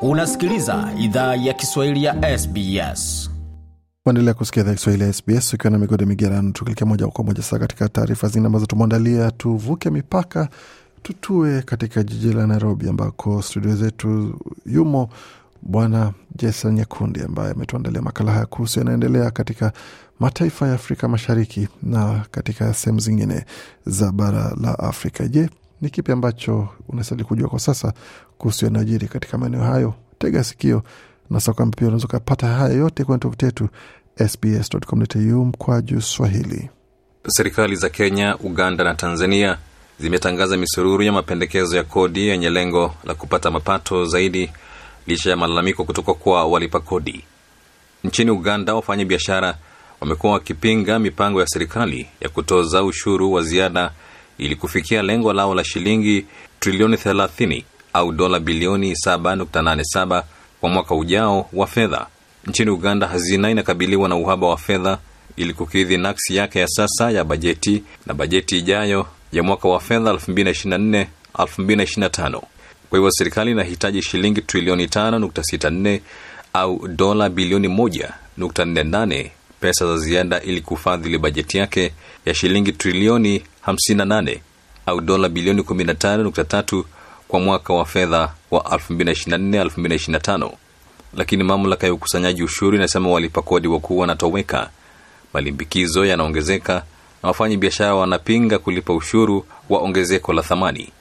unasikiliza idhaa ya kiswahili ya sbs kuendelea kusikia idhaa kiswahili ya SBS ukiwa na migodi migerano, tukilekea moja kwa moja saa katika taarifa zingine ambazo tumeandalia. Tuvuke mipaka, tutue katika jiji la Nairobi ambako studio zetu yumo Bwana Jason nyekundi ambaye ametuandalia makala haya kuhusu yanaendelea katika mataifa ya Afrika Mashariki na katika sehemu zingine za bara la Afrika. Je, ni kipi ambacho unastahili kujua kwa sasa kuhusu yanayojiri katika maeneo hayo? Tega sikio na sa kwamba pia unaweza ukapata haya yote kwenye tovuti yetu sbs.com.au mkwaju Swahili. Serikali za Kenya, Uganda na Tanzania zimetangaza misururu ya mapendekezo ya kodi yenye lengo la kupata mapato zaidi licha ya malalamiko kutoka kwa walipa kodi. Nchini Uganda, wafanya biashara wamekuwa wakipinga mipango ya serikali ya kutoza ushuru wa ziada ili kufikia lengo lao la shilingi trilioni 30 au dola bilioni 7.87 kwa mwaka ujao wa fedha. Nchini Uganda, hazina inakabiliwa na uhaba wa fedha ili kukidhi naksi yake ya sasa ya bajeti na bajeti ijayo ya mwaka wa fedha 2024 2025. Kwa hivyo serikali inahitaji shilingi trilioni 5.64 au dola bilioni 1.48 pesa za ziada ili kufadhili bajeti yake ya shilingi trilioni 58 au dola bilioni 15.3 kwa mwaka wa fedha wa 2024-2025 lakini mamlaka ya ukusanyaji ushuru inasema walipa kodi wakuu wanatoweka malimbikizo yanaongezeka na wafanyi biashara wanapinga kulipa ushuru wa ongezeko la thamani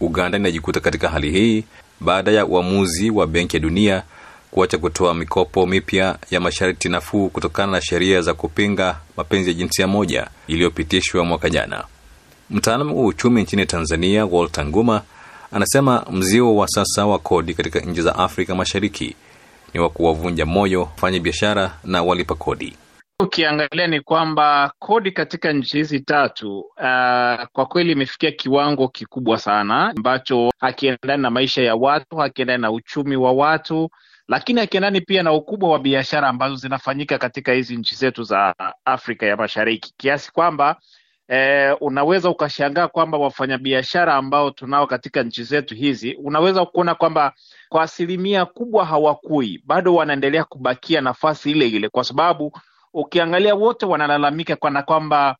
uganda inajikuta katika hali hii baada ya uamuzi wa benki ya dunia kuacha kutoa mikopo mipya ya masharti nafuu kutokana na sheria za kupinga mapenzi ya jinsia moja iliyopitishwa mwaka jana Mtaalamu wa uchumi nchini Tanzania, Walter Nguma, anasema mzio wa sasa wa kodi katika nchi za Afrika Mashariki ni wa kuwavunja moyo wafanya biashara na walipa kodi. Ukiangalia ni kwamba kodi katika nchi hizi tatu uh, kwa kweli imefikia kiwango kikubwa sana ambacho hakiendani na maisha ya watu, hakiendani na uchumi wa watu, lakini hakiendani pia na ukubwa wa biashara ambazo zinafanyika katika hizi nchi zetu za Afrika ya Mashariki, kiasi kwamba eh, unaweza ukashangaa kwamba wafanyabiashara ambao tunao katika nchi zetu hizi, unaweza kuona kwamba kwa asilimia kubwa hawakui, bado wanaendelea kubakia nafasi ile ile, kwa sababu ukiangalia wote wanalalamika kana kwamba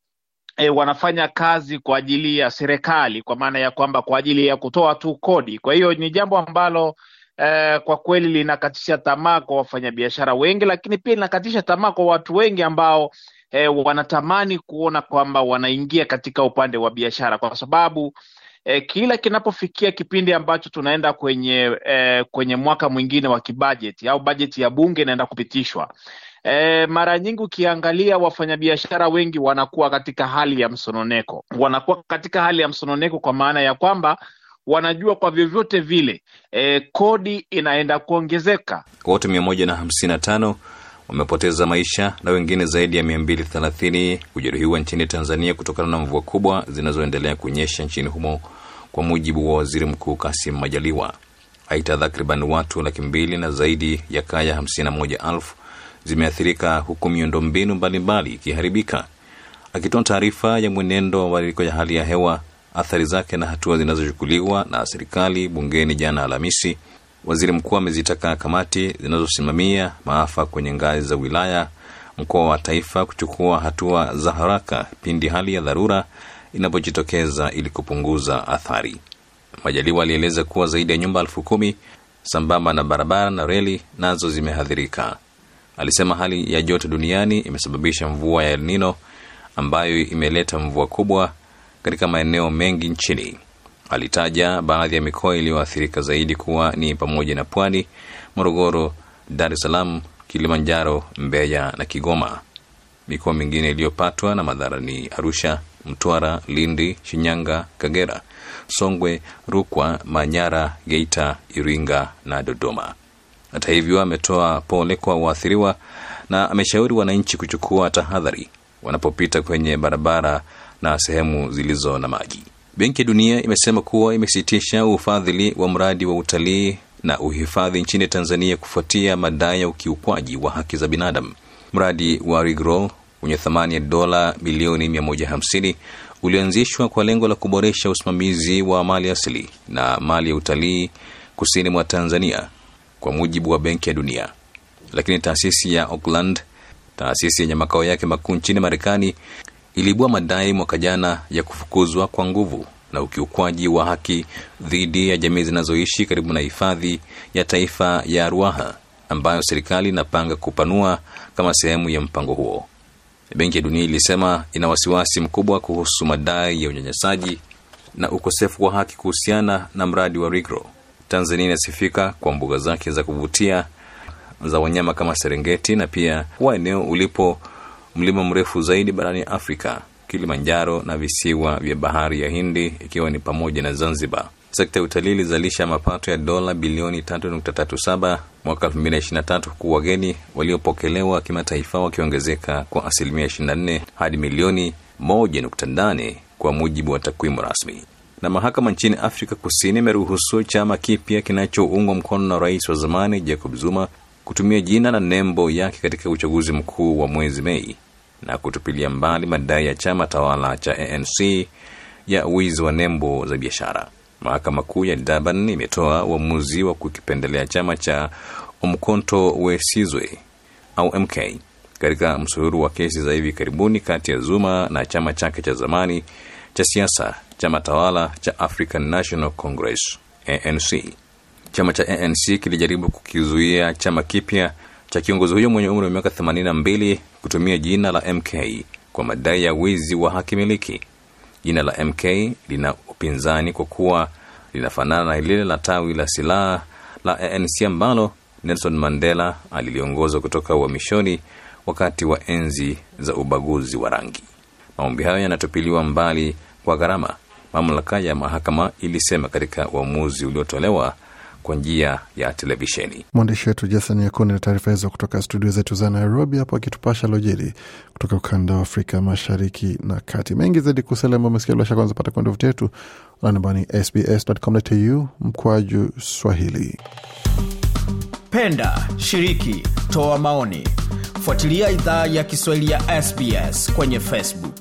E, wanafanya kazi kwa ajili ya serikali kwa maana ya kwamba kwa ajili ya kutoa tu kodi. Kwa hiyo ni jambo ambalo eh, kwa kweli linakatisha tamaa kwa wafanyabiashara wengi, lakini pia linakatisha tamaa kwa watu wengi ambao eh, wanatamani kuona kwamba wanaingia katika upande wa biashara kwa sababu eh, kila kinapofikia kipindi ambacho tunaenda kwenye eh, kwenye mwaka mwingine wa kibajeti au bajeti ya bunge inaenda kupitishwa E, mara nyingi ukiangalia wafanyabiashara wengi wanakuwa katika hali ya msononeko, wanakuwa katika hali ya msononeko kwa maana ya kwamba wanajua kwa vyovyote vile e, kodi inaenda kuongezeka. Watu mia moja na hamsini na tano wamepoteza maisha na wengine zaidi ya mia mbili thelathini kujeruhiwa nchini Tanzania kutokana na mvua kubwa zinazoendelea kunyesha nchini humo kwa mujibu wa Waziri Mkuu Kasim Majaliwa. aita takriban watu laki mbili na zaidi ya kaya hamsini na moja elfu zimeathirika huku miundo mbinu mbalimbali ikiharibika. Akitoa taarifa ya mwenendo wa mabadiliko ya hali ya hewa athari zake na hatua zinazochukuliwa na serikali bungeni jana Alhamisi. Waziri mkuu amezitaka kamati zinazosimamia maafa kwenye ngazi za wilaya, mkoa wa taifa kuchukua hatua za haraka pindi hali ya dharura inapojitokeza ili kupunguza athari. Majaliwa alieleza kuwa zaidi ya nyumba elfu kumi sambamba na barabara na reli nazo zimeathirika. Alisema hali ya joto duniani imesababisha mvua ya El Nino ambayo imeleta mvua kubwa katika maeneo mengi nchini. Alitaja baadhi ya mikoa iliyoathirika zaidi kuwa ni pamoja na Pwani, Morogoro, Dar es Salaam, Kilimanjaro, Mbeya na Kigoma. Mikoa mingine iliyopatwa na madhara ni Arusha, Mtwara, Lindi, Shinyanga, Kagera, Songwe, Rukwa, Manyara, Geita, Iringa na Dodoma. Hata hivyo, ametoa pole kwa waathiriwa na ameshauri wananchi kuchukua tahadhari wanapopita kwenye barabara na sehemu zilizo na maji. Benki ya Dunia imesema kuwa imesitisha ufadhili wa mradi wa utalii na uhifadhi nchini Tanzania kufuatia madai ya ukiukwaji wa haki za binadamu. Mradi wa Regrow wenye thamani ya dola milioni 150 ulianzishwa kwa lengo la kuboresha usimamizi wa mali asili na mali ya utalii kusini mwa Tanzania, kwa mujibu wa Benki ya Dunia. Lakini taasisi ya Auckland, taasisi yenye makao yake makuu nchini Marekani, iliibua madai mwaka jana ya kufukuzwa kwa nguvu na ukiukwaji wa haki dhidi ya jamii zinazoishi karibu na hifadhi ya taifa ya Ruaha ambayo serikali inapanga kupanua kama sehemu ya mpango huo. Benki ya Dunia ilisema ina wasiwasi mkubwa kuhusu madai ya unyanyasaji na ukosefu wa haki kuhusiana na mradi wa Rigro. Tanzania inasifika kwa mbuga zake za kuvutia za wanyama kama Serengeti na pia kuwa eneo ulipo mlima mrefu zaidi barani Afrika, Kilimanjaro na visiwa vya bahari ya Hindi ikiwa ni pamoja na Zanzibar. Sekta ya utalii ilizalisha mapato ya dola bilioni 3.37 mwaka 2023 huku wageni waliopokelewa kimataifa wakiongezeka kwa asilimia 24 hadi milioni 1.8 kwa mujibu wa takwimu rasmi. Na mahakama nchini Afrika Kusini imeruhusu chama kipya kinachoungwa mkono na rais wa zamani Jacob Zuma kutumia jina na nembo yake katika uchaguzi mkuu wa mwezi Mei na kutupilia mbali madai ya chama tawala cha ANC ya wizi wa nembo za biashara. Mahakama Kuu ya Durban imetoa uamuzi wa kukipendelea chama cha Umkhonto we Sizwe au MK katika msururu wa kesi za hivi karibuni kati ya Zuma na chama chake cha zamani cha siasa, chama tawala cha African National Congress ANC. Chama cha ANC kilijaribu kukizuia chama kipya cha kiongozi huyo mwenye umri wa miaka 82 kutumia jina la MK kwa madai ya wizi wa haki miliki. Jina la MK lina upinzani kwa kuwa linafanana na lile la tawi la silaha la ANC ambalo Nelson Mandela aliliongoza kutoka uhamishoni wakati wa enzi za ubaguzi wa rangi. Maombi hayo yanatupiliwa mbali kwa gharama, mamlaka ya mahakama ilisema katika uamuzi uliotolewa kwa njia ya televisheni. Mwandishi wetu Jason Yakuni na taarifa hizo kutoka studio zetu za Nairobi, hapo akitupasha lojeri kutoka ukanda wa Afrika Mashariki na Kati. Mengi zaidi kusalama umesikia, bila shaka unazopata kwenye tovuti yetu anambani sbs.com.au mkwaju Swahili. Penda, shiriki, toa maoni, fuatilia idhaa ya Kiswahili ya SBS kwenye Facebook.